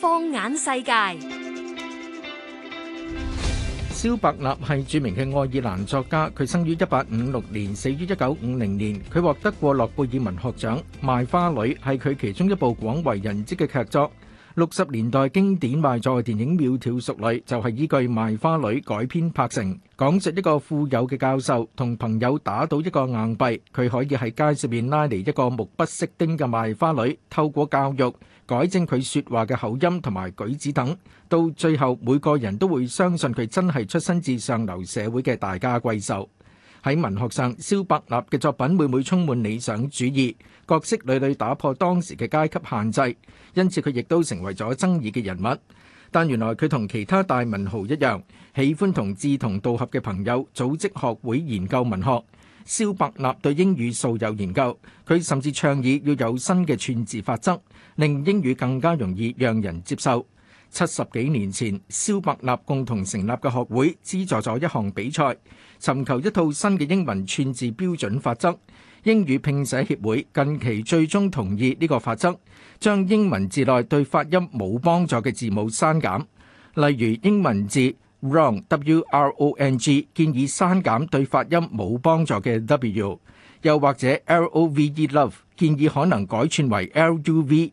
放眼世界，蕭伯納係著名嘅愛爾蘭作家。佢生於一八五六年，死於一九五零年。佢獲得過諾貝爾文學獎。《賣花女》係佢其中一部廣為人知嘅劇作。六十年代經典賣座嘅電影《窈窕淑女》就係依據《賣花女》改編拍成。講述一個富有嘅教授同朋友打賭一個硬幣，佢可以喺街上面拉嚟一個目不識丁嘅賣花女，透過教育改正佢説話嘅口音同埋舉止等，到最後每個人都會相信佢真係出身自上流社會嘅大家閨秀。喺文學上，蕭伯納嘅作品每每充滿理想主義，角色屢屢打破當時嘅階級限制，因此佢亦都成為咗爭議嘅人物。但原來佢同其他大文豪一樣，喜歡同志同道合嘅朋友組織學會研究文學。蕭伯納對英語素有研究，佢甚至倡議要有新嘅串字法則，令英語更加容易讓人接受。七十幾年前，蕭伯納共同成立嘅學會資助咗一項比賽，尋求一套新嘅英文串字標準法則。英語拼寫協會近期最終同意呢個法則，將英文字內對發音冇幫助嘅字母刪減，例如英文字 wrong（W R O N G） 建議刪減對發音冇幫助嘅 W，又或者 L O V E（love） 建議可能改串為 L U V。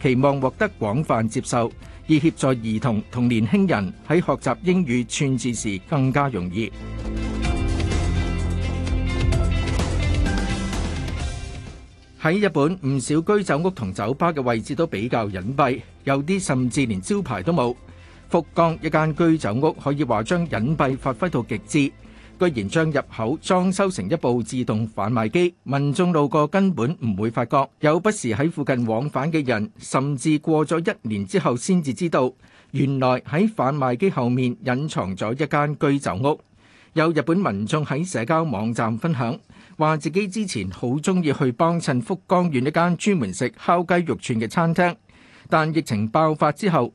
期望獲得廣泛接受，以協助兒童同年輕人喺學習英語串字時更加容易。喺日本，唔少居酒屋同酒吧嘅位置都比較隱蔽，有啲甚至連招牌都冇。福岡一間居酒屋可以話將隱蔽發揮到極致。居然將入口裝修成一部自動販賣機，民眾路過根本唔會發覺。有不時喺附近往返嘅人，甚至過咗一年之後先至知道，原來喺販賣機後面隱藏咗一間居酒屋。有日本民眾喺社交網站分享，話自己之前好鍾意去幫襯福岡縣一間專門食烤雞肉串嘅餐廳，但疫情爆發之後，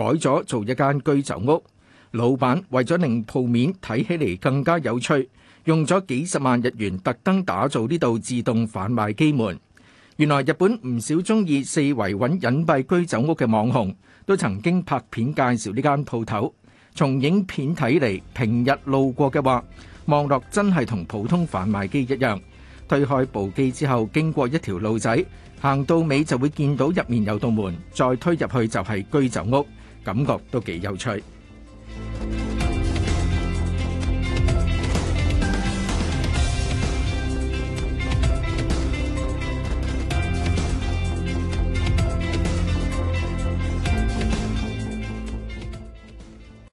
改咗做一間居酒屋，老闆為咗令鋪面睇起嚟更加有趣，用咗幾十萬日元特登打造呢度自動販賣機門。原來日本唔少中意四圍搵隱蔽居酒屋嘅網紅，都曾經拍片介紹呢間鋪頭。從影片睇嚟，平日路過嘅話，望落真係同普通販賣機一樣。推開部機之後，經過一條路仔，行到尾就會見到入面有道門，再推入去就係居酒屋。感覺都幾有趣。